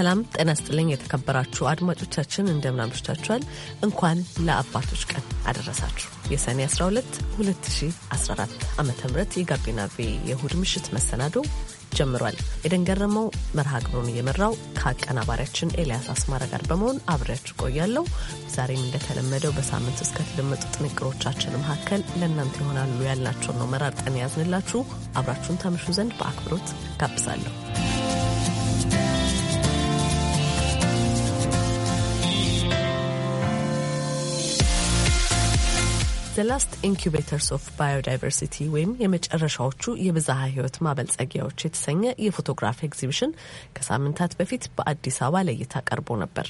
ሰላም ጤና ስጥልኝ። የተከበራችሁ አድማጮቻችን እንደምን አምሽታችኋል? እንኳን ለአባቶች ቀን አደረሳችሁ። የሰኔ 12 2014 ዓ ም የጋቢና ቤ የእሁድ ምሽት መሰናዶ ጀምሯል። የደንገረመው መርሃ ግብሩን እየመራው ከአቀናባሪያችን ኤልያስ አስማረ ጋር በመሆን አብሬያችሁ ቆያለሁ። ዛሬም እንደተለመደው በሳምንት ውስጥ ከተደመጡ ጥንቅሮቻችን መካከል ለእናንተ ይሆናሉ ያልናቸውን ነው መራርጠን ያዝንላችሁ። አብራችሁን ታምሹ ዘንድ በአክብሮት ጋብዛለሁ። ዘ ላስት ኢንኩቤተርስ ኦፍ ባዮዳይቨርሲቲ ወይም የመጨረሻዎቹ የብዝሃ ህይወት ማበልጸጊያዎች የተሰኘ የፎቶግራፍ ኤግዚቢሽን ከሳምንታት በፊት በአዲስ አበባ ለእይታ ቀርቦ ነበር።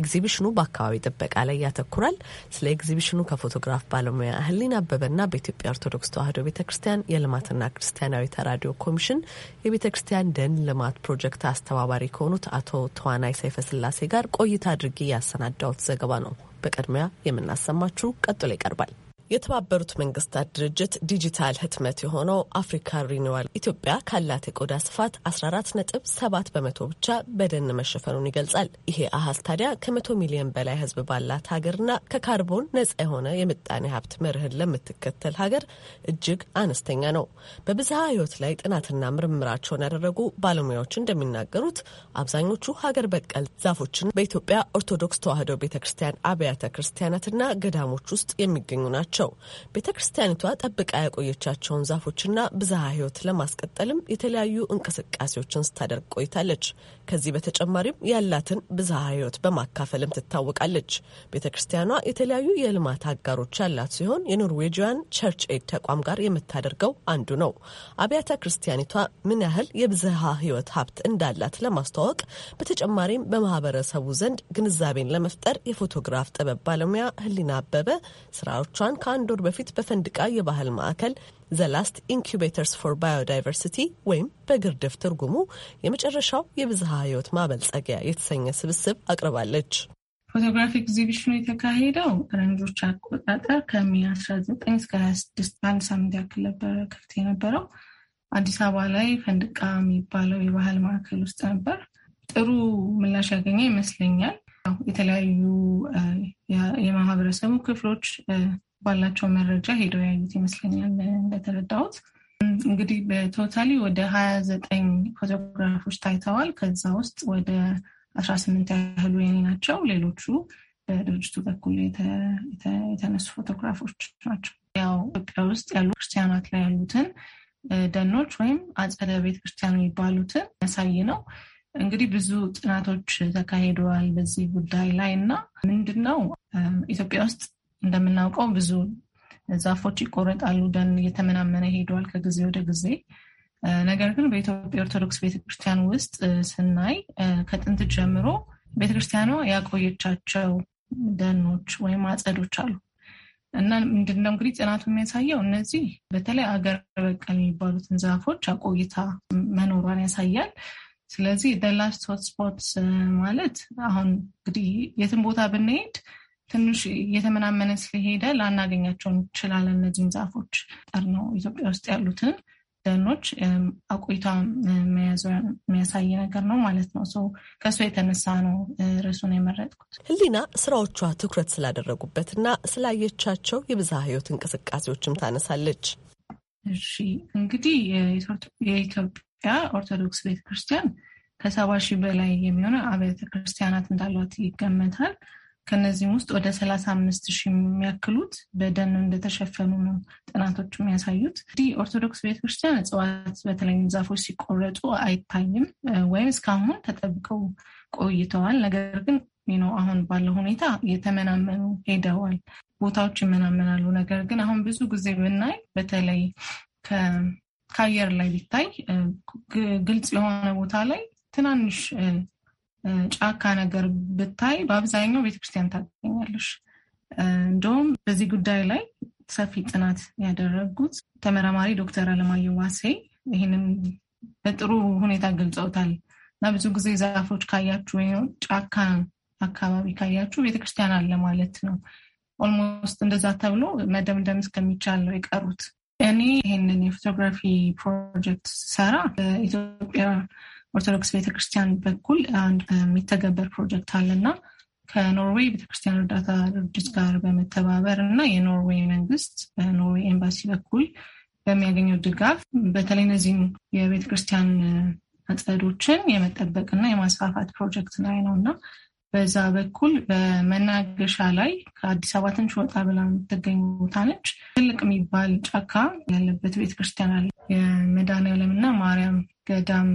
ኤግዚቢሽኑ በአካባቢ ጥበቃ ላይ ያተኩራል። ስለ ኤግዚቢሽኑ ከፎቶግራፍ ባለሙያ ህሊና አበበና በኢትዮጵያ ኦርቶዶክስ ተዋሕዶ ቤተ ክርስቲያን የልማትና ክርስቲያናዊ ተራዲዮ ኮሚሽን የቤተ ክርስቲያን ደን ልማት ፕሮጀክት አስተባባሪ ከሆኑት አቶ ተዋናይ ሰይፈ ስላሴ ጋር ቆይታ አድርጌ ያሰናዳሁት ዘገባ ነው። በቅድሚያ የምናሰማችሁ ቀጥሎ ይቀርባል። የተባበሩት መንግስታት ድርጅት ዲጂታል ህትመት የሆነው አፍሪካ ሪኒዋል ኢትዮጵያ ካላት የቆዳ ስፋት 14.7 በመቶ ብቻ በደን መሸፈኑን ይገልጻል። ይሄ አሃዝ ታዲያ ከመቶ ሚሊዮን በላይ ህዝብ ባላት ሀገርና ከካርቦን ነጻ የሆነ የምጣኔ ሀብት መርህን ለምትከተል ሀገር እጅግ አነስተኛ ነው። በብዝሃ ህይወት ላይ ጥናትና ምርምራቸውን ያደረጉ ባለሙያዎች እንደሚናገሩት አብዛኞቹ ሀገር በቀል ዛፎችን በኢትዮጵያ ኦርቶዶክስ ተዋሕዶ ቤተ ክርስቲያን አብያተ ክርስቲያናትና ገዳሞች ውስጥ የሚገኙ ናቸው። ናቸው። ቤተ ክርስቲያኒቷ ጠብቃ ያቆየቻቸውን ዛፎችና ብዝሃ ህይወት ለማስቀጠልም የተለያዩ እንቅስቃሴዎችን ስታደርግ ቆይታለች። ከዚህ በተጨማሪም ያላትን ብዝሃ ህይወት በማካፈልም ትታወቃለች። ቤተ ክርስቲያኗ የተለያዩ የልማት አጋሮች ያላት ሲሆን የኖርዌጂያን ቸርች ኤድ ተቋም ጋር የምታደርገው አንዱ ነው። አብያተ ክርስቲያኒቷ ምን ያህል የብዝሃ ህይወት ሀብት እንዳላት ለማስተዋወቅ በተጨማሪም በማህበረሰቡ ዘንድ ግንዛቤን ለመፍጠር የፎቶግራፍ ጥበብ ባለሙያ ህሊና አበበ ስራዎቿን ከአንድ ወር በፊት በፈንድቃ የባህል ማዕከል ዘላስት ኢንኩቤተርስ ፎር ባዮዳይቨርሲቲ ወይም በግርድፍ ትርጉሙ የመጨረሻው የብዝሃ ህይወት ማበልጸጊያ የተሰኘ ስብስብ አቅርባለች። ፎቶግራፊ ኤግዚቢሽኑ የተካሄደው ፈረንጆች አቆጣጠር ከሚ 19 እስከ 26 አንድ ሳምንት ያክል ነበረ ክፍት የነበረው አዲስ አበባ ላይ ፈንድቃ የሚባለው የባህል ማዕከል ውስጥ ነበር። ጥሩ ምላሽ ያገኘ ይመስለኛል። የተለያዩ የማህበረሰቡ ክፍሎች ባላቸው መረጃ ሄደው ያዩት ይመስለኛል እንደተረዳሁት። እንግዲህ በቶታሊ ወደ ሀያ ዘጠኝ ፎቶግራፎች ታይተዋል። ከዛ ውስጥ ወደ አስራ ስምንት ያህሉ የኔ ናቸው። ሌሎቹ በድርጅቱ በኩል የተነሱ ፎቶግራፎች ናቸው። ያው ኢትዮጵያ ውስጥ ያሉ ክርስቲያናት ላይ ያሉትን ደኖች ወይም አጸደ ቤተ ክርስቲያን የሚባሉትን ያሳይ ነው። እንግዲህ ብዙ ጥናቶች ተካሂደዋል በዚህ ጉዳይ ላይ እና ምንድን ነው ኢትዮጵያ ውስጥ እንደምናውቀው ብዙ ዛፎች ይቆረጣሉ። ደን እየተመናመነ ሄደዋል ከጊዜ ወደ ጊዜ። ነገር ግን በኢትዮጵያ ኦርቶዶክስ ቤተክርስቲያን ውስጥ ስናይ ከጥንት ጀምሮ ቤተክርስቲያኗ ያቆየቻቸው ደኖች ወይም አጸዶች አሉ እና ምንድነው እንግዲህ ጥናቱ የሚያሳየው እነዚህ በተለይ አገር በቀል የሚባሉትን ዛፎች አቆይታ መኖሯን ያሳያል። ስለዚህ ደላስት ሆትስፖት ማለት አሁን እንግዲህ የትም ቦታ ብንሄድ ትንሽ እየተመናመነ ስለሄደ ላናገኛቸው እንችላለን። እነዚህን ዛፎች ጠር ነው ኢትዮጵያ ውስጥ ያሉትን ደኖች አቆይታ የሚያሳይ ነገር ነው ማለት ነው። ሰው ከእሱ የተነሳ ነው ርዕሱን የመረጥኩት። ህሊና ስራዎቿ ትኩረት ስላደረጉበትና ስላየቻቸው የብዝሃ ህይወት እንቅስቃሴዎችም ታነሳለች። እሺ እንግዲህ የኢትዮጵያ ኦርቶዶክስ ቤተክርስቲያን ከሰባ ሺህ በላይ የሚሆነ አብያተ ክርስቲያናት እንዳሏት ይገመታል። ከነዚህም ውስጥ ወደ ሰላሳ አምስት ሺህ የሚያክሉት በደን እንደተሸፈኑ ነው ጥናቶች የሚያሳዩት። እንዲህ ኦርቶዶክስ ቤተክርስቲያን እጽዋት በተለይም ዛፎች ሲቆረጡ አይታይም ወይም እስካሁን ተጠብቀው ቆይተዋል። ነገር ግን ነው አሁን ባለው ሁኔታ የተመናመኑ ሄደዋል። ቦታዎች ይመናመናሉ። ነገር ግን አሁን ብዙ ጊዜ ብናይ በተለይ ከአየር ላይ ቢታይ ግልጽ የሆነ ቦታ ላይ ትናንሽ ጫካ ነገር ብታይ በአብዛኛው ቤተክርስቲያን ታገኛለሽ። እንደውም በዚህ ጉዳይ ላይ ሰፊ ጥናት ያደረጉት ተመራማሪ ዶክተር አለማየሁ ዋሴ ይህንን በጥሩ ሁኔታ ገልጸውታል። እና ብዙ ጊዜ ዛፎች ካያችሁ ወይም ጫካ አካባቢ ካያችሁ ቤተክርስቲያን አለ ማለት ነው። ኦልሞስት እንደዛ ተብሎ መደምደም እስከሚቻል ነው የቀሩት። እኔ ይህንን የፎቶግራፊ ፕሮጀክት ሰራ በኢትዮጵያ ኦርቶዶክስ ቤተክርስቲያን በኩል አንድ የሚተገበር ፕሮጀክት አለና ከኖርዌይ ቤተክርስቲያን እርዳታ ድርጅት ጋር በመተባበር እና የኖርዌይ መንግስት በኖርዌይ ኤምባሲ በኩል በሚያገኘው ድጋፍ በተለይ እነዚህም የቤተክርስቲያን አጸዶችን የመጠበቅና የማስፋፋት ፕሮጀክት ላይ ነው እና በዛ በኩል በመናገሻ ላይ ከአዲስ አበባ ትንሽ ወጣ ብላ የምትገኝ ቦታ ነች። ትልቅ የሚባል ጫካ ያለበት ቤተክርስቲያን ክርስቲያን አለ። የመድኃኔዓለም እና ማርያም ገዳም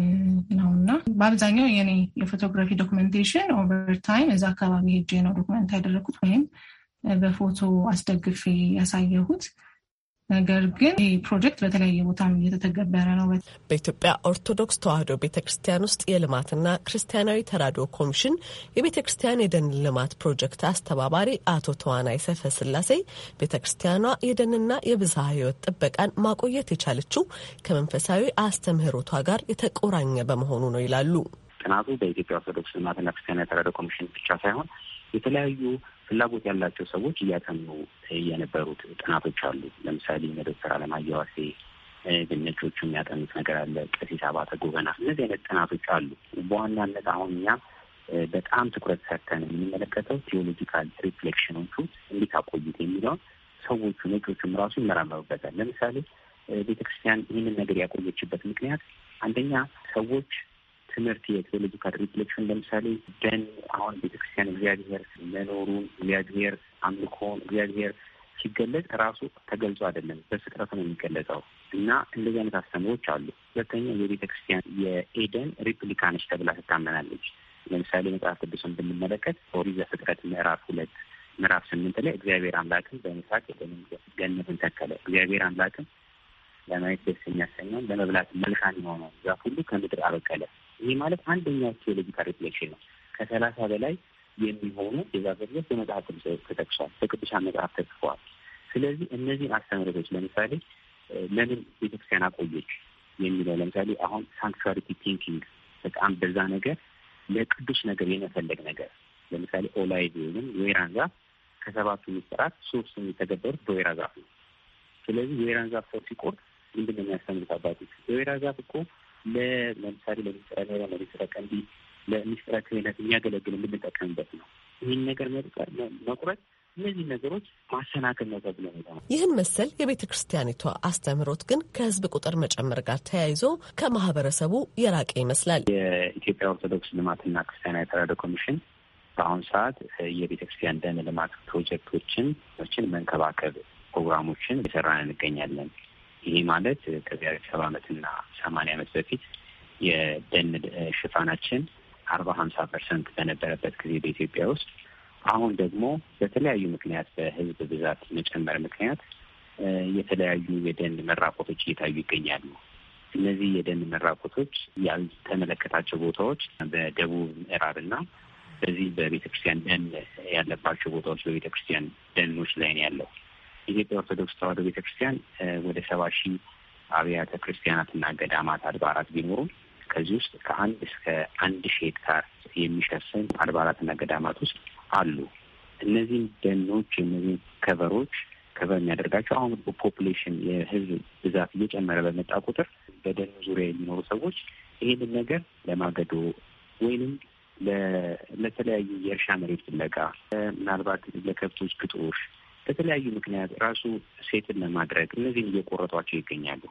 ነው እና በአብዛኛው የኔ የፎቶግራፊ ዶክመንቴሽን ኦቨርታይም እዛ አካባቢ ሄጄ ነው ዶክመንት ያደረግኩት ወይም በፎቶ አስደግፌ ያሳየሁት። ነገር ግን ይህ ፕሮጀክት በተለያየ ቦታም እየተተገበረ ነው። በኢትዮጵያ ኦርቶዶክስ ተዋሕዶ ቤተ ክርስቲያን ውስጥ የልማትና ክርስቲያናዊ ተራድኦ ኮሚሽን የቤተ ክርስቲያን የደን ልማት ፕሮጀክት አስተባባሪ አቶ ተዋናይ ሰፈ ስላሴ ቤተ ክርስቲያኗ የደንና የብዝሃ ሕይወት ጥበቃን ማቆየት የቻለችው ከመንፈሳዊ አስተምህሮቷ ጋር የተቆራኘ በመሆኑ ነው ይላሉ። ጥናቱ በኢትዮጵያ ኦርቶዶክስ ልማትና ክርስቲያናዊ ተራድኦ ኮሚሽን ብቻ ሳይሆን የተለያዩ ፍላጎት ያላቸው ሰዎች እያጠኑ የነበሩት ጥናቶች አሉ። ለምሳሌ እነ ዶክተር አለማየሁ ዋሴ ነጮቹ የሚያጠኑት ነገር አለ። ቀሲስ አባተ ጎበና፣ እነዚህ አይነት ጥናቶች አሉ። በዋናነት አሁን እኛ በጣም ትኩረት ሰጥተን የምንመለከተው ቴዎሎጂካል ሪፍሌክሽኖቹ እንዴት አቆዩት የሚለውን ሰዎቹ ነጮቹም ራሱ ይመራመሩበታል። ለምሳሌ ቤተክርስቲያን ይህንን ነገር ያቆየችበት ምክንያት አንደኛ ሰዎች ትምህርት የቴዎሎጂካል ሪፍሌክሽን ለምሳሌ ደን አሁን ቤተክርስቲያን እግዚአብሔር መኖሩን እግዚአብሔር አምልኮን እግዚአብሔር ሲገለጽ ራሱ ተገልጾ አይደለም፣ በፍጥረቱ ነው የሚገለጸው እና እንደዚህ አይነት አስተምሮች አሉ። ሁለተኛ የቤተ ክርስቲያን የኤደን ሪፕሊካ ነች ተብላ ትታመናለች። ለምሳሌ መጽሐፍ ቅዱስን ብንመለከት ኦሪት ዘፍጥረት ምዕራፍ ሁለት ምዕራፍ ስምንት ላይ እግዚአብሔር አምላክን በምስራቅ ኤደንን ገነትን ተከለ። እግዚአብሔር አምላክን ለማየት ደስ የሚያሰኘውን ለመብላት መልካም የሆነውን ዛፍ ሁሉ ከምድር አበቀለ ይህ ማለት አንደኛው ቴዎሎጂካል ሪፍሌክሽን ነው። ከሰላሳ በላይ የሚሆኑ የዛገድነት በመጽሐፍ ቅዱስ ተጠቅሷል፣ በቅዱሳን መጽሐፍ ተጽፈዋል። ስለዚህ እነዚህ አስተምህሮቶች ለምሳሌ ለምን ቤተክርስቲያን አቆየች የሚለው ለምሳሌ አሁን ሳንክቹዋሪቲ ቲንኪንግ በጣም በዛ ነገር ለቅዱስ ነገር የመፈለግ ነገር ለምሳሌ ኦላይቭ ወይም ወይራን ዛፍ ከሰባቱ ምስጢራት ሶስቱ የተገበሩት በወይራ ዛፍ ነው። ስለዚህ የወይራን ዛፍ ሰው ሲቆርጥ ምንድን ነው የሚያስተምሩት አባቶች? የወይራ ዛፍ እኮ ለምሳሌ ለሚስጥረ ሜራ ለሚስጥረ ቀንዲ ለሚስጥረ ክህነት የሚያገለግል የምንጠቀምበት ነው። ይህን ነገር መቁረጥ እነዚህ ነገሮች ማሰናከል ነው ተብሎ ይህን መሰል የቤተ ክርስቲያኒቷ አስተምህሮት ግን ከህዝብ ቁጥር መጨመር ጋር ተያይዞ ከማህበረሰቡ የራቀ ይመስላል። የኢትዮጵያ ኦርቶዶክስ ልማትና ክርስቲያናዊ ተራድኦ ኮሚሽን በአሁኑ ሰዓት የቤተ ክርስቲያን ደን ልማት ፕሮጀክቶችን ችን መንከባከብ ፕሮግራሞችን እየሰራን እንገኛለን። ይሄ ማለት ከዚያ ሰባ ዓመትና ሰማንያ ዓመት በፊት የደን ሽፋናችን አርባ ሀምሳ ፐርሰንት በነበረበት ጊዜ በኢትዮጵያ ውስጥ አሁን ደግሞ በተለያዩ ምክንያት በህዝብ ብዛት መጨመር ምክንያት የተለያዩ የደን መራቆቶች እየታዩ ይገኛሉ። እነዚህ የደን መራቆቶች ያልተመለከታቸው ቦታዎች በደቡብ ምዕራብና በዚህ በቤተክርስቲያን ደን ያለባቸው ቦታዎች በቤተክርስቲያን ደኖች ላይ ነው ያለው። የኢትዮጵያ ኦርቶዶክስ ተዋህዶ ቤተክርስቲያን ወደ ሰባ ሺህ አብያተ ክርስቲያናትና ገዳማት አድባራት ቢኖሩም ከዚህ ውስጥ ከአንድ እስከ አንድ ሺህ ሄክታር የሚሸፍን አድባራትና ገዳማት ውስጥ አሉ። እነዚህም ደኖች እነዚህም ከበሮች ከበር የሚያደርጋቸው አሁን ፖፑሌሽን የህዝብ ብዛት እየጨመረ በመጣ ቁጥር በደኑ ዙሪያ የሚኖሩ ሰዎች ይህንን ነገር ለማገዶ ወይንም ለተለያዩ የእርሻ መሬት ፍለጋ ምናልባት ለከብቶች ግጦሽ በተለያዩ ምክንያት ራሱ ሴትን ለማድረግ እነዚህን እየቆረጧቸው ይገኛሉ።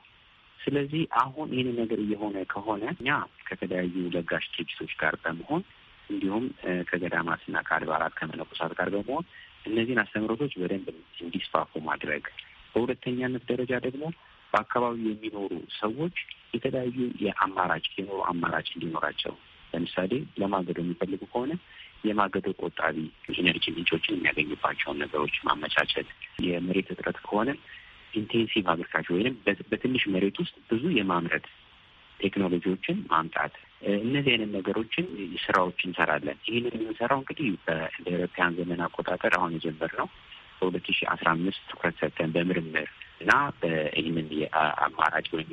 ስለዚህ አሁን ይህን ነገር እየሆነ ከሆነ እኛ ከተለያዩ ለጋሽ ድርጅቶች ጋር በመሆን እንዲሁም ከገዳማትና ከአድባራት ከመነኮሳት ጋር በመሆን እነዚህን አስተምህሮቶች በደንብ እንዲስፋፉ ማድረግ፣ በሁለተኛነት ደረጃ ደግሞ በአካባቢው የሚኖሩ ሰዎች የተለያዩ የአማራጭ የኑሮ አማራጭ እንዲኖራቸው ለምሳሌ ለማገዶ የሚፈልጉ ከሆነ የማገዶ ቆጣቢ ኢነርጂ ምንጮችን የሚያገኙባቸውን ነገሮች ማመቻቸት፣ የመሬት እጥረት ከሆነ ኢንቴንሲቭ አግሪካልቸር ወይም በትንሽ መሬት ውስጥ ብዙ የማምረት ቴክኖሎጂዎችን ማምጣት፣ እነዚህ አይነት ነገሮችን ስራዎች እንሰራለን። ይህንን የምንሰራው እንግዲህ በኢሮፓያን ዘመን አቆጣጠር አሁን የጀመርነው በሁለት ሺ አስራ አምስት ትኩረት ሰጥተን በምርምር እና በይህንን የአማራጭ ወይም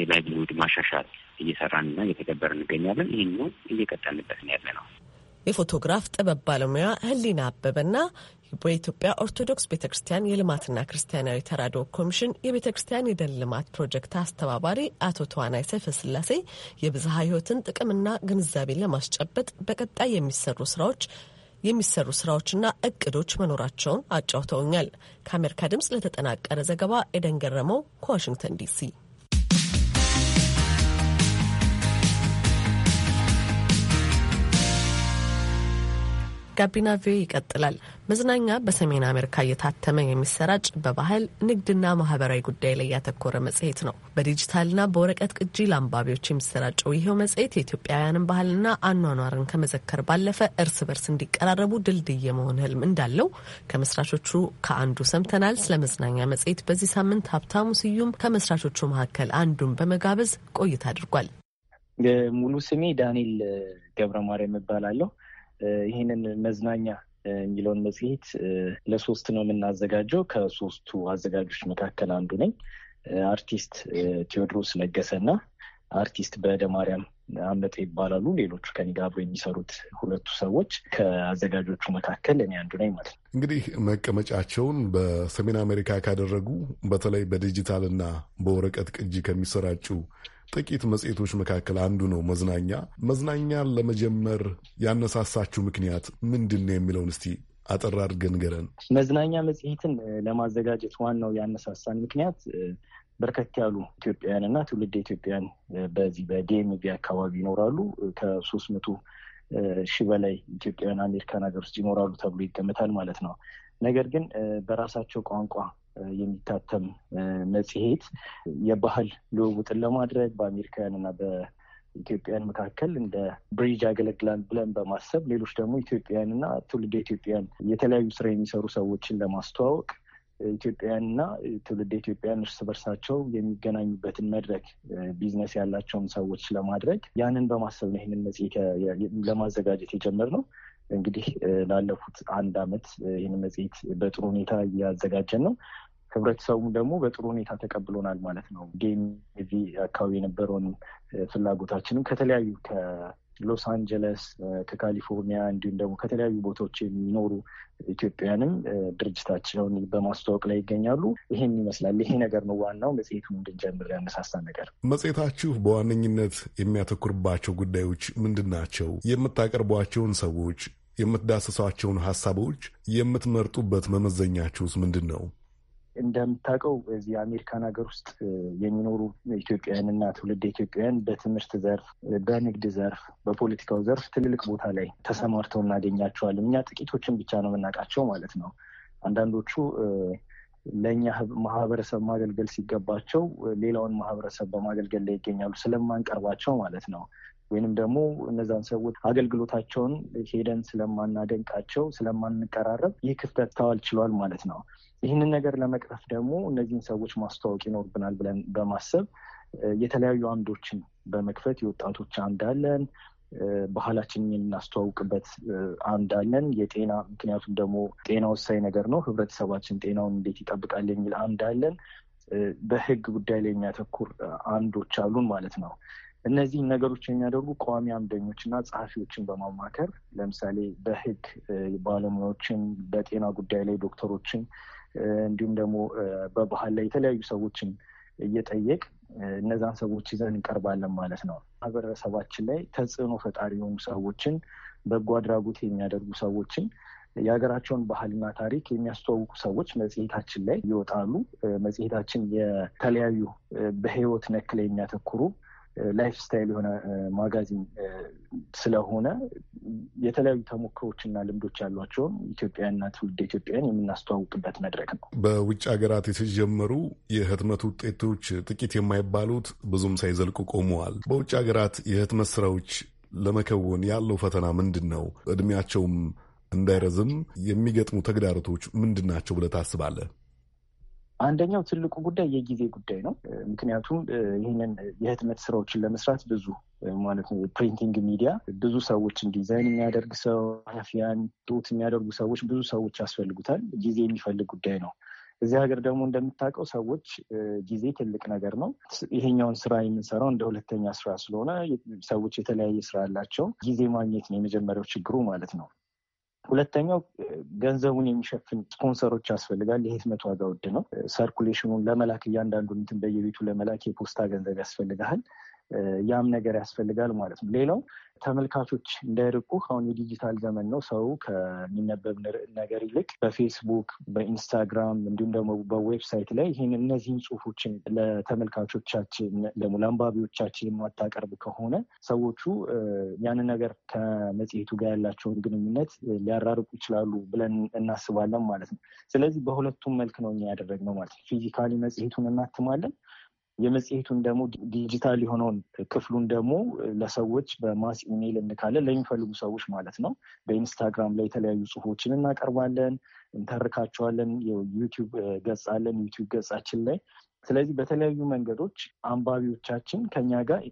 የላይቭሊሁድ ማሻሻል እየሰራንና እየተገበር እንገኛለን። ይህን እየቀጠልንበት ነው ያለ ነው። የፎቶግራፍ ጥበብ ባለሙያ ህሊና አበበና በኢትዮጵያ ኦርቶዶክስ ቤተ ክርስቲያን የልማትና ክርስቲያናዊ ተራድኦ ኮሚሽን የቤተ ክርስቲያን የደን ልማት ፕሮጀክት አስተባባሪ አቶ ተዋናይ ስላሴ የብዝሃ ህይወትን ጥቅምና ግንዛቤ ለማስጨበጥ በቀጣይ የሚሰሩ ስራዎች የሚሰሩ ስራዎችና እቅዶች መኖራቸውን አጫውተውኛል። ከአሜሪካ ድምጽ ለተጠናቀረ ዘገባ ኤደን ገረመው ከዋሽንግተን ዲሲ ጋቢና ቪኦኤ ይቀጥላል። መዝናኛ በሰሜን አሜሪካ እየታተመ የሚሰራጭ በባህል ንግድና ማህበራዊ ጉዳይ ላይ ያተኮረ መጽሔት ነው። በዲጂታልና በወረቀት ቅጂ ለአንባቢዎች የሚሰራጨው ይኸው መጽሔት የኢትዮጵያውያንን ባህልና አኗኗርን ከመዘከር ባለፈ እርስ በርስ እንዲቀራረቡ ድልድይ የመሆን ህልም እንዳለው ከመስራቾቹ ከአንዱ ሰምተናል። ስለ መዝናኛ መጽሔት በዚህ ሳምንት ሀብታሙ ስዩም ከመስራቾቹ መካከል አንዱን በመጋበዝ ቆይታ አድርጓል። ሙሉ ስሜ ዳንኤል ገብረ ማርያም እባላለሁ። ይህንን መዝናኛ የሚለውን መጽሔት ለሶስት ነው የምናዘጋጀው። ከሶስቱ አዘጋጆች መካከል አንዱ ነኝ። አርቲስት ቴዎድሮስ ና አርቲስት ማርያም አመጠ ይባላሉ። ሌሎቹ ከኔ ጋር አብሮ የሚሰሩት ሁለቱ ሰዎች ከአዘጋጆቹ መካከል እኔ አንዱ ነኝ ማለት ነው። እንግዲህ መቀመጫቸውን በሰሜን አሜሪካ ካደረጉ በተለይ በዲጂታልና በወረቀት ቅጂ ከሚሰራጩ ጥቂት መጽሔቶች መካከል አንዱ ነው መዝናኛ። መዝናኛን ለመጀመር ያነሳሳችሁ ምክንያት ምንድን ነው የሚለውን እስቲ አጠር አድርገን ንገረን። መዝናኛ መጽሔትን ለማዘጋጀት ዋናው ያነሳሳን ምክንያት በርከት ያሉ ኢትዮጵያውያን እና ትውልድ ኢትዮጵያውያን በዚህ በዲኤምቪ አካባቢ ይኖራሉ። ከሶስት መቶ ሺህ በላይ ኢትዮጵያውያን አሜሪካን ሀገር ውስጥ ይኖራሉ ተብሎ ይገመታል ማለት ነው። ነገር ግን በራሳቸው ቋንቋ የሚታተም መጽሔት የባህል ልውውጥን ለማድረግ በአሜሪካውያን እና በኢትዮጵያን መካከል እንደ ብሪጅ ያገለግላል ብለን በማሰብ ሌሎች ደግሞ ኢትዮጵያን እና ትውልደ ኢትዮጵያን የተለያዩ ስራ የሚሰሩ ሰዎችን ለማስተዋወቅ ኢትዮጵያውያንና ትውልድ ኢትዮጵያውያን እርስ በርሳቸው የሚገናኙበትን መድረክ ቢዝነስ ያላቸውን ሰዎች ለማድረግ ያንን በማሰብ ነው ይህንን መጽሔት ለማዘጋጀት የጀመርነው። እንግዲህ ላለፉት አንድ ዓመት ይህን መጽሔት በጥሩ ሁኔታ እያዘጋጀን ነው። ህብረተሰቡም ደግሞ በጥሩ ሁኔታ ተቀብሎናል ማለት ነው። ጌም እዚህ አካባቢ የነበረውን ፍላጎታችንም ከተለያዩ ሎስ አንጀለስ ከካሊፎርኒያ እንዲሁም ደግሞ ከተለያዩ ቦታዎች የሚኖሩ ኢትዮጵያውያንም ድርጅታቸውን በማስተዋወቅ ላይ ይገኛሉ። ይሄን ይመስላል። ይሄ ነገር ነው ዋናው መጽሔቱን እንድንጀምር ያነሳሳ ነገር። መጽሔታችሁ በዋነኝነት የሚያተኩርባቸው ጉዳዮች ምንድን ናቸው? የምታቀርቧቸውን ሰዎች የምትዳሰሷቸውን ሀሳቦች የምትመርጡበት መመዘኛችሁስ ምንድን ነው? እንደምታውቀው እዚህ አሜሪካን ሀገር ውስጥ የሚኖሩ ኢትዮጵያውያንና ትውልድ ኢትዮጵያውያን በትምህርት ዘርፍ፣ በንግድ ዘርፍ፣ በፖለቲካው ዘርፍ ትልልቅ ቦታ ላይ ተሰማርተው እናገኛቸዋለን። እኛ ጥቂቶችን ብቻ ነው የምናውቃቸው ማለት ነው። አንዳንዶቹ ለእኛ ማህበረሰብ ማገልገል ሲገባቸው ሌላውን ማህበረሰብ በማገልገል ላይ ይገኛሉ ስለማንቀርባቸው ማለት ነው። ወይንም ደግሞ እነዛን ሰዎች አገልግሎታቸውን ሄደን ስለማናደንቃቸው፣ ስለማንቀራረብ ይህ ክፍተት ታዋል ችሏል ማለት ነው። ይህንን ነገር ለመቅረፍ ደግሞ እነዚህን ሰዎች ማስተዋወቅ ይኖርብናል ብለን በማሰብ የተለያዩ አምዶችን በመክፈት የወጣቶች አምድ አለን፣ ባህላችንን የምናስተዋውቅበት አንዳለን የጤና ምክንያቱም ደግሞ ጤና ወሳኝ ነገር ነው። ህብረተሰባችን ጤናውን እንዴት ይጠብቃል የሚል አንዳለን በህግ ጉዳይ ላይ የሚያተኩር አምዶች አሉን ማለት ነው። እነዚህን ነገሮች የሚያደርጉ ቋሚ አምደኞች እና ጸሐፊዎችን በማማከር ለምሳሌ በህግ ባለሙያዎችን፣ በጤና ጉዳይ ላይ ዶክተሮችን እንዲሁም ደግሞ በባህል ላይ የተለያዩ ሰዎችን እየጠየቅ እነዛን ሰዎች ይዘን እንቀርባለን ማለት ነው። ማህበረሰባችን ላይ ተጽዕኖ ፈጣሪ የሆኑ ሰዎችን፣ በጎ አድራጎት የሚያደርጉ ሰዎችን፣ የሀገራቸውን ባህልና ታሪክ የሚያስተዋውቁ ሰዎች መጽሔታችን ላይ ይወጣሉ። መጽሔታችን የተለያዩ በህይወት ነክ ላይ የሚያተኩሩ ላይፍ ስታይል የሆነ ማጋዚን ስለሆነ የተለያዩ ተሞክሮችና ልምዶች ያሏቸውን ኢትዮጵያና ትውልድ ኢትዮጵያን የምናስተዋውቅበት መድረክ ነው። በውጭ ሀገራት የተጀመሩ የህትመት ውጤቶች ጥቂት የማይባሉት ብዙም ሳይዘልቁ ቆመዋል። በውጭ ሀገራት የህትመት ስራዎች ለመከወን ያለው ፈተና ምንድን ነው? እድሜያቸውም እንዳይረዝም የሚገጥሙ ተግዳሮቶች ምንድን ናቸው ብለህ ታስባለህ? አንደኛው ትልቁ ጉዳይ የጊዜ ጉዳይ ነው። ምክንያቱም ይህንን የህትመት ስራዎችን ለመስራት ብዙ ማለት ነው ፕሪንቲንግ ሚዲያ ብዙ ሰዎችን ዲዛይን የሚያደርግ ሰው፣ ሀፊያን ጡት የሚያደርጉ ሰዎች ብዙ ሰዎች ያስፈልጉታል። ጊዜ የሚፈልግ ጉዳይ ነው። እዚህ ሀገር ደግሞ እንደምታውቀው ሰዎች ጊዜ ትልቅ ነገር ነው። ይሄኛውን ስራ የምንሰራው እንደ ሁለተኛ ስራ ስለሆነ ሰዎች የተለያየ ስራ አላቸው። ጊዜ ማግኘት ነው የመጀመሪያው ችግሩ ማለት ነው። ሁለተኛው ገንዘቡን የሚሸፍን ስፖንሰሮች ያስፈልጋል። ህትመት ዋጋ ውድ ነው። ሰርኩሌሽኑን ለመላክ እያንዳንዱ እንትን በየቤቱ ለመላክ የፖስታ ገንዘብ ያስፈልግሃል። ያም ነገር ያስፈልጋል ማለት ነው። ሌላው ተመልካቾች እንዳይርቁ አሁን የዲጂታል ዘመን ነው። ሰው ከሚነበብ ነገር ይልቅ በፌስቡክ፣ በኢንስታግራም እንዲሁም ደግሞ በዌብሳይት ላይ ይህን እነዚህን ጽሁፎችን ለተመልካቾቻችን ደግሞ ለአንባቢዎቻችን የማታቀርብ ከሆነ ሰዎቹ ያንን ነገር ከመጽሔቱ ጋር ያላቸውን ግንኙነት ሊያራርቁ ይችላሉ ብለን እናስባለን ማለት ነው። ስለዚህ በሁለቱም መልክ ነው እኛ ያደረግነው ማለት ነው። ፊዚካሊ መጽሔቱን እናትማለን። የመጽሔቱን ደግሞ ዲጂታል የሆነውን ክፍሉን ደግሞ ለሰዎች በማስ ኢሜይል እንካለን ለሚፈልጉ ሰዎች ማለት ነው። በኢንስታግራም ላይ የተለያዩ ጽሁፎችን እናቀርባለን፣ እንተርካቸዋለን። ዩቲዩብ ገጽ አለን፣ ዩቲዩብ ገጻችን ላይ። ስለዚህ በተለያዩ መንገዶች አንባቢዎቻችን ከኛ ጋር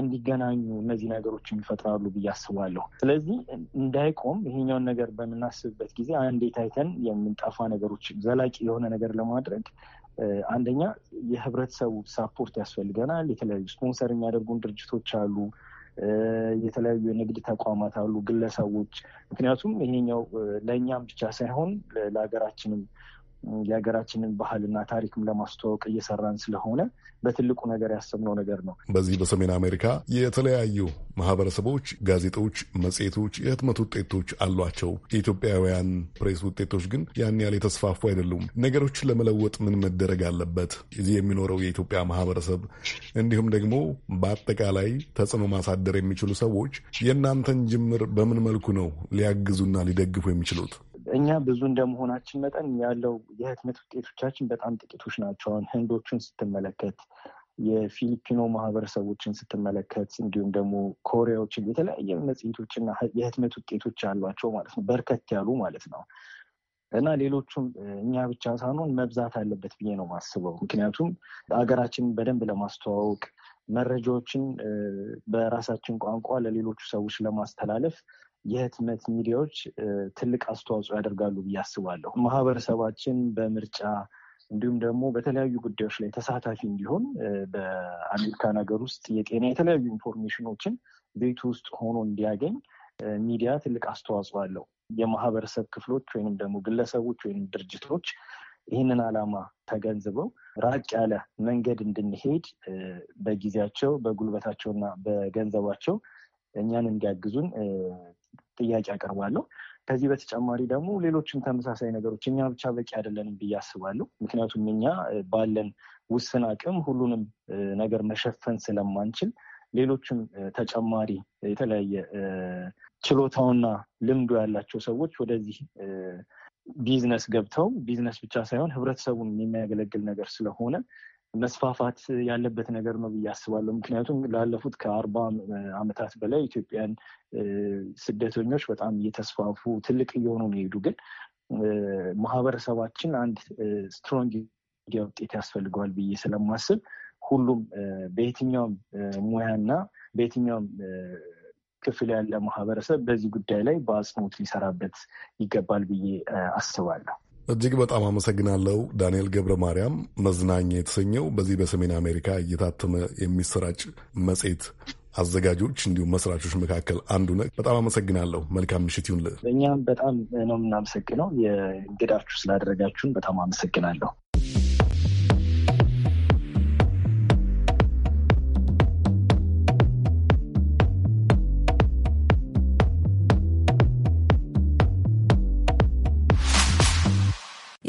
እንዲገናኙ እነዚህ ነገሮች ይፈጥራሉ ብዬ አስባለሁ። ስለዚህ እንዳይቆም ይሄኛውን ነገር በምናስብበት ጊዜ አንዴ ታይተን የምንጠፋ ነገሮች ዘላቂ የሆነ ነገር ለማድረግ አንደኛ የህብረተሰቡ ሳፖርት ያስፈልገናል። የተለያዩ ስፖንሰር የሚያደርጉን ድርጅቶች አሉ፣ የተለያዩ የንግድ ተቋማት አሉ፣ ግለሰቦች። ምክንያቱም ይሄኛው ለእኛም ብቻ ሳይሆን ለሀገራችንም የሀገራችንን ባህልና ታሪክም ለማስተዋወቅ እየሰራን ስለሆነ በትልቁ ነገር ያሰብነው ነገር ነው። በዚህ በሰሜን አሜሪካ የተለያዩ ማህበረሰቦች ጋዜጦች፣ መጽሔቶች፣ የህትመት ውጤቶች አሏቸው። የኢትዮጵያውያን ፕሬስ ውጤቶች ግን ያን ያህል የተስፋፉ አይደሉም። ነገሮችን ለመለወጥ ምን መደረግ አለበት? እዚህ የሚኖረው የኢትዮጵያ ማህበረሰብ እንዲሁም ደግሞ በአጠቃላይ ተጽዕኖ ማሳደር የሚችሉ ሰዎች የእናንተን ጅምር በምን መልኩ ነው ሊያግዙና ሊደግፉ የሚችሉት? እኛ ብዙ እንደመሆናችን መጠን ያለው የህትመት ውጤቶቻችን በጣም ጥቂቶች ናቸው። አሁን ህንዶችን ስትመለከት፣ የፊሊፒኖ ማህበረሰቦችን ስትመለከት፣ እንዲሁም ደግሞ ኮሪያዎችን የተለያየ መጽሄቶችና የህትመት ውጤቶች ያሏቸው ማለት ነው በርከት ያሉ ማለት ነው እና ሌሎቹም እኛ ብቻ ሳንሆን መብዛት አለበት ብዬ ነው ማስበው። ምክንያቱም ሀገራችንን በደንብ ለማስተዋወቅ መረጃዎችን በራሳችን ቋንቋ ለሌሎቹ ሰዎች ለማስተላለፍ የህትመት ሚዲያዎች ትልቅ አስተዋጽኦ ያደርጋሉ ብዬ አስባለሁ። ማህበረሰባችን በምርጫ እንዲሁም ደግሞ በተለያዩ ጉዳዮች ላይ ተሳታፊ እንዲሆን በአሜሪካን ሀገር ውስጥ የጤና የተለያዩ ኢንፎርሜሽኖችን ቤቱ ውስጥ ሆኖ እንዲያገኝ ሚዲያ ትልቅ አስተዋጽኦ አለው። የማህበረሰብ ክፍሎች ወይንም ደግሞ ግለሰቦች ወይም ድርጅቶች ይህንን ዓላማ ተገንዝበው ራቅ ያለ መንገድ እንድንሄድ በጊዜያቸው በጉልበታቸውና በገንዘባቸው እኛን እንዲያግዙን ጥያቄ አቀርባለሁ። ከዚህ በተጨማሪ ደግሞ ሌሎችም ተመሳሳይ ነገሮች እኛ ብቻ በቂ አይደለንም ብዬ አስባለሁ። ምክንያቱም እኛ ባለን ውስን አቅም ሁሉንም ነገር መሸፈን ስለማንችል ሌሎችም ተጨማሪ የተለያየ ችሎታውና ልምዱ ያላቸው ሰዎች ወደዚህ ቢዝነስ ገብተው ቢዝነስ ብቻ ሳይሆን ህብረተሰቡን የሚያገለግል ነገር ስለሆነ መስፋፋት ያለበት ነገር ነው ብዬ አስባለሁ። ምክንያቱም ላለፉት ከአርባ ዓመታት በላይ ኢትዮጵያን ስደተኞች በጣም እየተስፋፉ ትልቅ እየሆኑ ነው የሄዱ ግን ማህበረሰባችን አንድ ስትሮንግ ሚዲያ ውጤት ያስፈልገዋል ብዬ ስለማስብ ሁሉም በየትኛውም ሙያና በየትኛውም ክፍል ያለ ማህበረሰብ በዚህ ጉዳይ ላይ በአጽንኦት ሊሰራበት ይገባል ብዬ አስባለሁ። እጅግ በጣም አመሰግናለሁ ዳንኤል ገብረ ማርያም። መዝናኛ የተሰኘው በዚህ በሰሜን አሜሪካ እየታተመ የሚሰራጭ መጽሔት አዘጋጆች እንዲሁም መስራቾች መካከል አንዱ ነ በጣም አመሰግናለሁ። መልካም ምሽት ይሁንልህ። እኛም በጣም ነው የምናመሰግነው። የእንግዳችሁ ስላደረጋችሁን በጣም አመሰግናለሁ።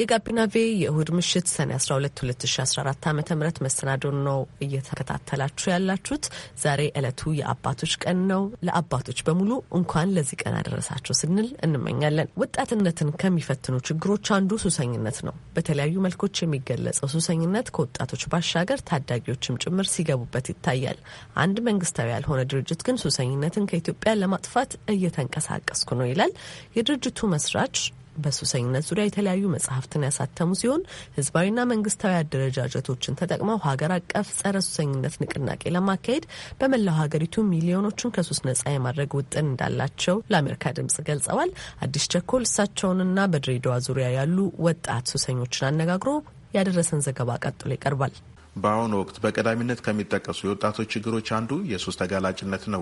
የጋቢና ቬ የእሁድ ምሽት ሰኔ 12 2014 ዓ ም መሰናዶን ነው እየተከታተላችሁ ያላችሁት። ዛሬ ዕለቱ የአባቶች ቀን ነው። ለአባቶች በሙሉ እንኳን ለዚህ ቀን አደረሳችሁ ስንል እንመኛለን። ወጣትነትን ከሚፈትኑ ችግሮች አንዱ ሱሰኝነት ነው። በተለያዩ መልኮች የሚገለጸው ሱሰኝነት ከወጣቶች ባሻገር ታዳጊዎችም ጭምር ሲገቡበት ይታያል። አንድ መንግስታዊ ያልሆነ ድርጅት ግን ሱሰኝነትን ከኢትዮጵያ ለማጥፋት እየተንቀሳቀስኩ ነው ይላል። የድርጅቱ መስራች በሱሰኝነት ዙሪያ የተለያዩ መጽሐፍትን ያሳተሙ ሲሆን ህዝባዊና መንግስታዊ አደረጃጀቶችን ተጠቅመው ሀገር አቀፍ ጸረ ሱሰኝነት ንቅናቄ ለማካሄድ በመላው ሀገሪቱ ሚሊዮኖችን ከሱስ ነጻ የማድረግ ውጥን እንዳላቸው ለአሜሪካ ድምጽ ገልጸዋል። አዲስ ቸኮል እሳቸውንና በድሬዳዋ ዙሪያ ያሉ ወጣት ሱሰኞችን አነጋግሮ ያደረሰን ዘገባ ቀጥሎ ይቀርባል። በአሁኑ ወቅት በቀዳሚነት ከሚጠቀሱ የወጣቶች ችግሮች አንዱ የሱስ ተጋላጭነት ነው።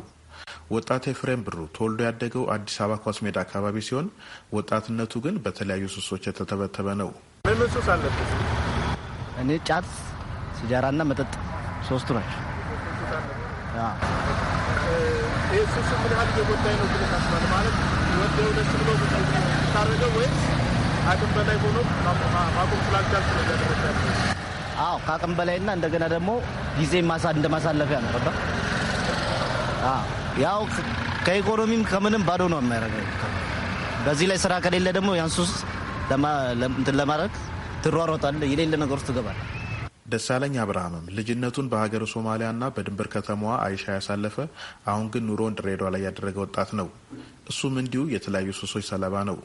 ወጣት ኤፍሬም ብሩ ተወልዶ ያደገው አዲስ አበባ ኳስ ሜዳ አካባቢ ሲሆን ወጣትነቱ ግን በተለያዩ ሱሶች የተተበተበ ነው። ምን ሱስ አለበት? እኔ ጫት፣ ሲጃራና መጠጥ ሶስቱ ናቸው። ሱሱ ምን ያህል እየጎዳኝ ነው ብለህ ታስባለህ? ማለት ወደው ደስ ብሎ ወይስ አቅም በላይ ሆኖ ማቆም ነው ያደረገ? አዎ ከአቅም በላይና እንደገና ደግሞ ጊዜ እንደ ማሳለፊያ ነው። ያው ከኢኮኖሚም ከምንም ባዶ ነው የሚያደርገው። በዚህ ላይ ስራ ከሌለ ደግሞ ያንሱ እንትን ለማድረግ ትሯሮጣለህ፣ የሌለ ነገር ውስጥ ደሳለኝ አብርሃምም ልጅነቱን በሀገር ሶማሊያና በድንበር ከተማዋ አይሻ ያሳለፈ አሁን ግን ኑሮን ድሬዳዋ ላይ ያደረገ ወጣት ነው። እሱም እንዲሁ የተለያዩ ሱሶች ሰለባ ነው።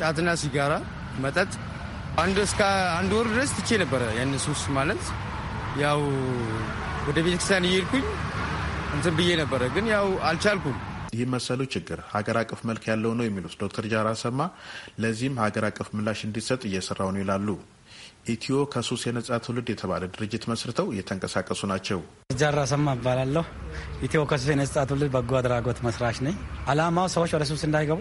ጫትና ሲጋራ፣ መጠጥ አንድ እስከ አንድ ወር ድረስ ትቼ ነበረ ያን ሱስ ማለት ያው ወደ ቤተክርስቲያን እየሄድኩኝ እንትን ብዬ ነበረ፣ ግን ያው አልቻልኩም። ይህ መሰሉ ችግር ሀገር አቀፍ መልክ ያለው ነው የሚሉት ዶክተር ጃራ ሰማ ለዚህም ሀገር አቀፍ ምላሽ እንዲሰጥ እየሰራው ነው ይላሉ። ኢትዮ ከሱስ የነጻ ትውልድ የተባለ ድርጅት መስርተው እየተንቀሳቀሱ ናቸው። ጃራ ሰማ እባላለሁ። ኢትዮ ከሱስ የነጻ ትውልድ በጎ አድራጎት መስራች ነኝ። አላማው ሰዎች ወደ ሱስ እንዳይገቡ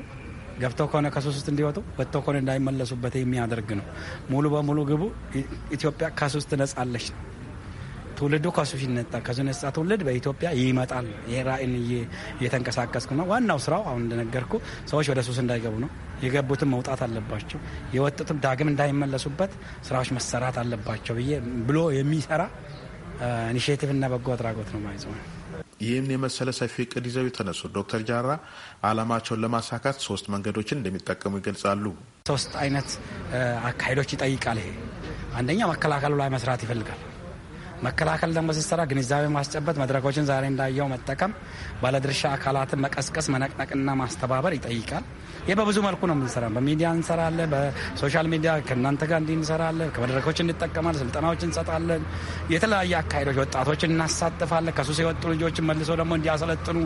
ገብተው ከሆነ ከሱስ ውስጥ እንዲወጡ ወጥተው ከሆነ እንዳይመለሱበት የሚያደርግ ነው። ሙሉ በሙሉ ግቡ ኢትዮጵያ ከሱስ ትነጻለች። ትውልዱ ከሱ ሲነጣ ከሱ ነጻ ትውልድ በኢትዮጵያ ይመጣል። ይህ እየተንቀሳቀስኩ ነው። ዋናው ስራው አሁን እንደነገርኩ ሰዎች ወደ ሱስ እንዳይገቡ ነው። የገቡትም መውጣት አለባቸው። የወጡትም ዳግም እንዳይመለሱበት ስራዎች መሰራት አለባቸው ብዬ ብሎ የሚሰራ ኢኒሽቲቭ እና በጎ አድራጎት ነው ማይዞ ይህን የመሰለ ሰፊ እቅድ ይዘው የተነሱት ዶክተር ጃራ አላማቸውን ለማሳካት ሶስት መንገዶችን እንደሚጠቀሙ ይገልጻሉ። ሶስት አይነት አካሄዶች ይጠይቃል። ይሄ አንደኛ መከላከሉ ላይ መስራት ይፈልጋል። መከላከል ደግሞ ሲሰራ ግንዛቤ ማስጨበጥ መድረኮችን ዛሬ እንዳየው መጠቀም፣ ባለድርሻ አካላትን መቀስቀስ፣ መነቅነቅና ማስተባበር ይጠይቃል። ይህ በብዙ መልኩ ነው የምንሰራ። በሚዲያ እንሰራለን፣ በሶሻል ሚዲያ ከእናንተ ጋር እንዲህ እንሰራለን፣ ከመድረኮች እንጠቀማለን፣ ስልጠናዎች እንሰጣለን፣ የተለያየ አካሄዶች ወጣቶችን እናሳትፋለን። ከሱስ የወጡ ልጆችን መልሶ ደግሞ እንዲያሰለጥኑ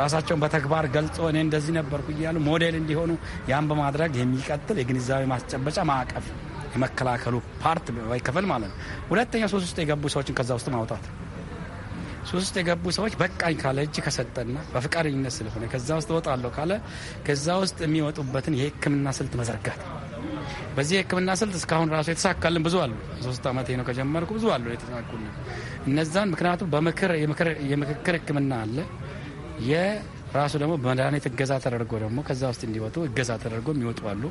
ራሳቸውን በተግባር ገልጾ እኔ እንደዚህ ነበርኩ እያሉ ሞዴል እንዲሆኑ ያን በማድረግ የሚቀጥል የግንዛቤ ማስጨበጫ ማዕቀፍ የመከላከሉ ፓርት ክፍል ማለት ነው። ሁለተኛ ሶስት ውስጥ የገቡ ሰዎችን ከዛ ውስጥ ማውጣት ሶስት ውስጥ የገቡ ሰዎች በቃኝ ካለ እጅ ከሰጠና በፍቃደኝነት ስለሆነ ከዛ ውስጥ እወጣለሁ ካለ ከዛ ውስጥ የሚወጡበትን የሕክምና ስልት መዘርጋት። በዚህ የሕክምና ስልት እስካሁን ራሱ የተሳካልን ብዙ አሉ። ሶስት ዓመት ነው ከጀመርኩ ብዙ አሉ የተሳኩልን። እነዛን ምክንያቱም በምክር የምክክር ሕክምና አለ ራሱ ደግሞ በመድኃኒት እገዛ ተደርጎ ደግሞ ከዛ ውስጥ እንዲወጡ እገዛ ተደርጎ የሚወጡ አሉ።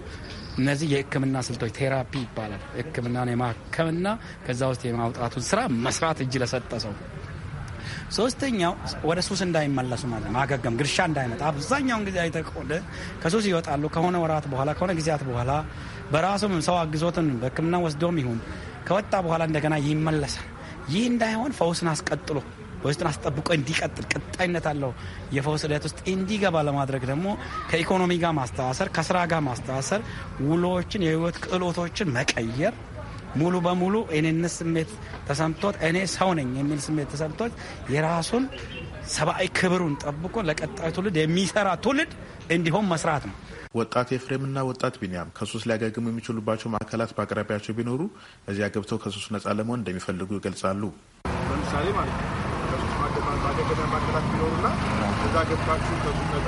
እነዚህ የህክምና ስልቶች ቴራፒ ይባላል። ህክምናን የማከምና ከዛ ውስጥ የማውጣቱን ስራ መስራት እጅ ለሰጠ ሰው። ሶስተኛው ወደ ሱስ እንዳይመለሱ ማለት ማገገም፣ ግርሻ እንዳይመጣ። አብዛኛውን ጊዜ አይተቆደ ከሱስ ይወጣሉ። ከሆነ ወራት በኋላ ከሆነ ጊዜያት በኋላ በራሱም ሰው አግዞትን በህክምና ወስዶም ይሁን ከወጣ በኋላ እንደገና ይመለሳል። ይህ እንዳይሆን ፈውስን አስቀጥሎ ውስጥን አስጠብቆ እንዲቀጥል ቀጣይነት አለው የፈውስ ሂደት ውስጥ እንዲገባ ለማድረግ ደግሞ ከኢኮኖሚ ጋር ማስተዋሰር፣ ከስራ ጋር ማስተዋሰር፣ ውሎዎችን፣ የህይወት ክህሎቶችን መቀየር ሙሉ በሙሉ እኔነት ስሜት ተሰምቶት እኔ ሰው ነኝ የሚል ስሜት ተሰምቶት የራሱን ሰብአዊ ክብሩን ጠብቆ ለቀጣዩ ትውልድ የሚሰራ ትውልድ እንዲሆን መስራት ነው። ወጣት ኤፍሬምና ወጣት ቢኒያም ከሱስ ሊያገግሙ የሚችሉባቸው ማዕከላት በአቅራቢያቸው ቢኖሩ እዚያ ገብተው ከሱስ ነጻ ለመሆን እንደሚፈልጉ ይገልጻሉ። ለምሳሌ ማለት ነው የአደጋ ማዕከላት ቢኖሩና እዛ ገብታችሁ ከሱ ነጻ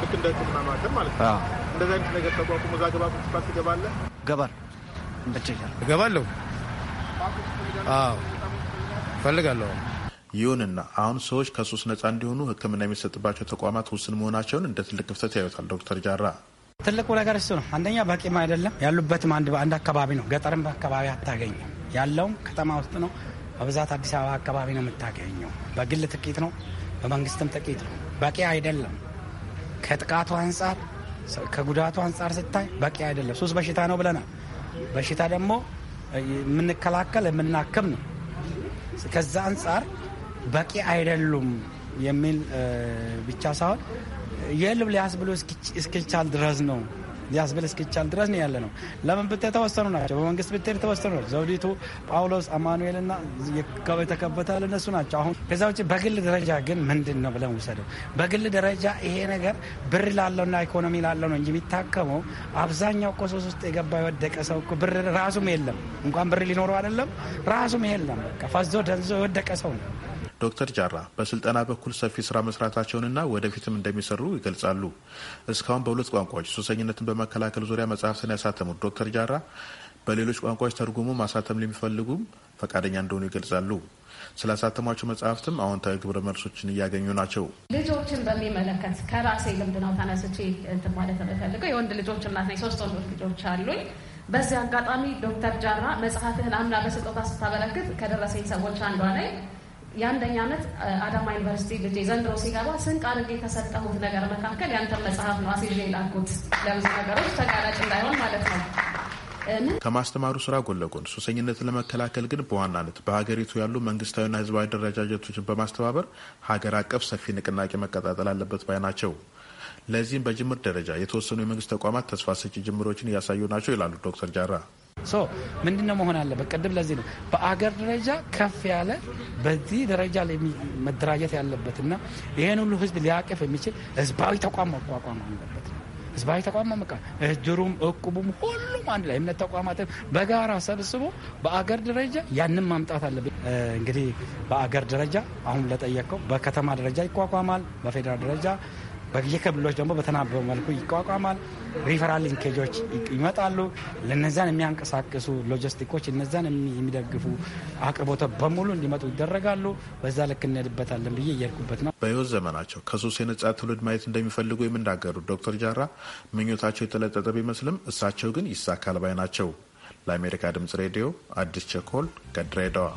ልክ እንደ ሕክምና ማዕከል ማለት ነው። አይነት ነገር ተቋቁሞ እዛ ገባ ትገባለህ? ገባል ፈልጋለሁ። ይሁንና አሁን ሰዎች ከሱስ ነጻ እንዲሆኑ ህክምና የሚሰጥባቸው ተቋማት ውስን መሆናቸውን እንደ ትልቅ ክፍተት ያዩታል ዶክተር ጃራ። ትልቁ ነገር እሱ ነው። አንደኛ በቂም አይደለም። ያሉበትም አንድ አካባቢ ነው። ገጠርም በአካባቢ አታገኝም። ያለውም ከተማ ውስጥ ነው። በብዛት አዲስ አበባ አካባቢ ነው የምታገኘው። በግል ጥቂት ነው፣ በመንግስትም ጥቂት ነው። በቂ አይደለም። ከጥቃቱ አንጻር ከጉዳቱ አንጻር ስታይ በቂ አይደለም። ሱስ በሽታ ነው ብለናል። በሽታ ደግሞ የምንከላከል የምናክም ነው። ከዛ አንጻር በቂ አይደሉም የሚል ብቻ ሳይሆን የልብ ሊያስ ብሎ እስኪቻል ድረስ ነው ሊያስብል እስኪቻል ድረስ ያለ ነው። ለምን ብት የተወሰኑ ናቸው። በመንግስት ብትሄድ የተወሰኑ ናቸው። ዘውዲቱ፣ ጳውሎስ፣ አማኑኤል ና የተከበታል እነሱ ናቸው። አሁን ከዛ ውጭ በግል ደረጃ ግን ምንድን ነው ብለን ውሰደው። በግል ደረጃ ይሄ ነገር ብር ላለው ና ኢኮኖሚ ላለው ነው እንጂ የሚታከመው አብዛኛው ቆሶስ ውስጥ የገባ የወደቀ ሰው ብር ራሱም የለም እንኳን ብር ሊኖረው አይደለም ራሱም የለም። ፈዞ ደንዞ የወደቀ ሰው ነው ዶክተር ጃራ በስልጠና በኩል ሰፊ ስራ መስራታቸውንና ወደፊትም እንደሚሰሩ ይገልጻሉ። እስካሁን በሁለት ቋንቋዎች ሱሰኝነትን በመከላከል ዙሪያ መጽሐፍትን ያሳተሙት ዶክተር ጃራ በሌሎች ቋንቋዎች ተርጉሞ ማሳተም ለሚፈልጉም ፈቃደኛ እንደሆኑ ይገልጻሉ። ስላሳተሟቸው መጽሐፍትም አዎንታዊ ግብረ መልሶችን እያገኙ ናቸው። ልጆችን በሚመለከት ከራሴ ልምድ ነው ተነስቼ እንትን ማለት የምፈልገው የወንድ ልጆች እናት ነኝ። ሶስት ወንዶች ልጆች አሉኝ። በዚህ አጋጣሚ ዶክተር ጃራ መጽሐፍህን አምና በስጦታ ስታበረክት ከደረሰኝ ሰዎች አንዷ ነኝ። የአንደኛ ዓመት አዳማ ዩኒቨርሲቲ ልጄ ዘንድሮ ሲገባ ስንቅ እንዴ ከሰጠሁት ነገር መካከል ያንተን መጽሐፍ ነው አስይዤ ላኩት። ለብዙ ነገሮች ተጋላጭ እንዳይሆን ማለት ነው። ከማስተማሩ ስራ ጎን ለጎን ሱሰኝነትን ለመከላከል ግን በዋናነት በሀገሪቱ ያሉ መንግስታዊና ህዝባዊ አደረጃጀቶችን በማስተባበር ሀገር አቀፍ ሰፊ ንቅናቄ መቀጣጠል አለበት ባይ ናቸው። ለዚህም በጅምር ደረጃ የተወሰኑ የመንግስት ተቋማት ተስፋ ሰጪ ጅምሮችን እያሳዩ ናቸው ይላሉ ዶክተር ጃራ ሶ ምንድነው መሆን አለበት? ቅድም ለዚህ ነው በአገር ደረጃ ከፍ ያለ በዚህ ደረጃ ላይ መደራጀት ያለበት እና ይህን ሁሉ ህዝብ ሊያቅፍ የሚችል ህዝባዊ ተቋም መቋቋም አለበት። ህዝባዊ ተቋም መምቃ እድሩም፣ እቁቡም፣ ሁሉም አንድ ላይ እምነት ተቋማትን በጋራ ሰብስቦ በአገር ደረጃ ያንን ማምጣት አለብን። እንግዲህ በአገር ደረጃ አሁን ለጠየቀው በከተማ ደረጃ ይቋቋማል። በፌዴራል ደረጃ በየክልሎች ደግሞ በተናበበ መልኩ ይቋቋማል። ሪፈራል ሊንኬጆች ይመጣሉ። ለነዛን የሚያንቀሳቅሱ ሎጂስቲኮች፣ እነዛን የሚደግፉ አቅርቦተ በሙሉ እንዲመጡ ይደረጋሉ። በዛ ልክ እንሄድበታለን ብዬ እየሄድኩበት ነው። በህይወት ዘመናቸው ከሱስ የነጻ ትውልድ ማየት እንደሚፈልጉ የምናገሩት ዶክተር ጃራ ምኞታቸው የተለጠጠ ቢመስልም እሳቸው ግን ይሳካል ባይ ናቸው። ለአሜሪካ ድምጽ ሬዲዮ አዲስ ቸኮል ከድሬዳዋ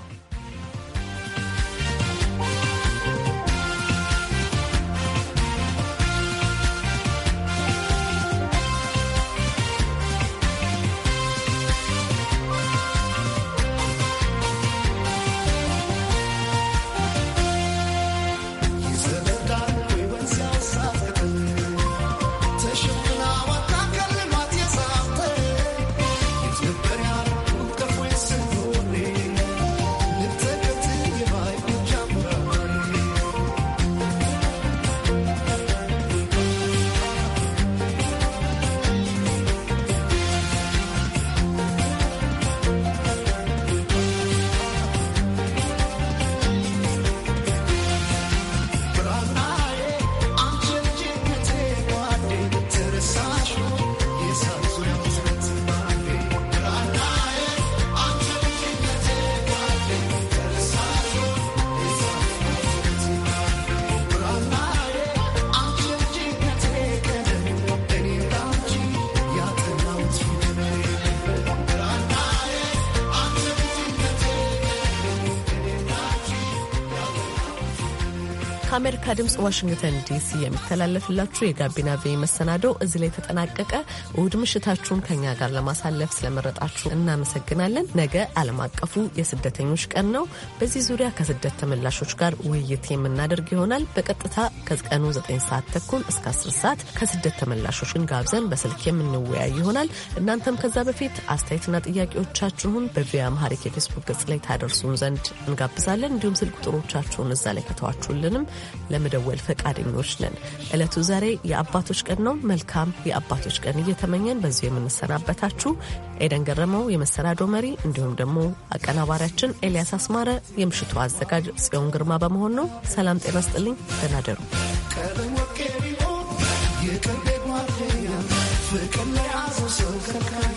ከአሜሪካ ድምፅ ዋሽንግተን ዲሲ የሚተላለፍላችሁ የጋቢና ቬ መሰናዶ እዚህ ላይ ተጠናቀቀ። እሁድ ምሽታችሁን ከኛ ጋር ለማሳለፍ ስለመረጣችሁ እናመሰግናለን። ነገ ዓለም አቀፉ የስደተኞች ቀን ነው። በዚህ ዙሪያ ከስደት ተመላሾች ጋር ውይይት የምናደርግ ይሆናል። በቀጥታ ከቀኑ 9 ሰዓት ተኩል እስከ 10 ሰዓት ከስደት ተመላሾችን ጋብዘን በስልክ የምንወያይ ይሆናል። እናንተም ከዛ በፊት አስተያየትና ጥያቄዎቻችሁን በቪያ መሀሪክ የፌስቡክ ገጽ ላይ ታደርሱን ዘንድ እንጋብዛለን። እንዲሁም ስልክ ቁጥሮቻችሁን እዛ ላይ ከተዋችሁልንም ለመደወል ፈቃደኞች ነን። ዕለቱ ዛሬ የአባቶች ቀን ነው። መልካም የአባቶች ቀን እየተመኘን በዚሁ የምንሰናበታችሁ ኤደን ገረመው የመሰናዶ መሪ፣ እንዲሁም ደግሞ አቀናባሪያችን ኤልያስ አስማረ፣ የምሽቱ አዘጋጅ ጽዮን ግርማ በመሆን ነው። ሰላም ጤና ስጥልኝ። ደህና ደሩ። ፍቅር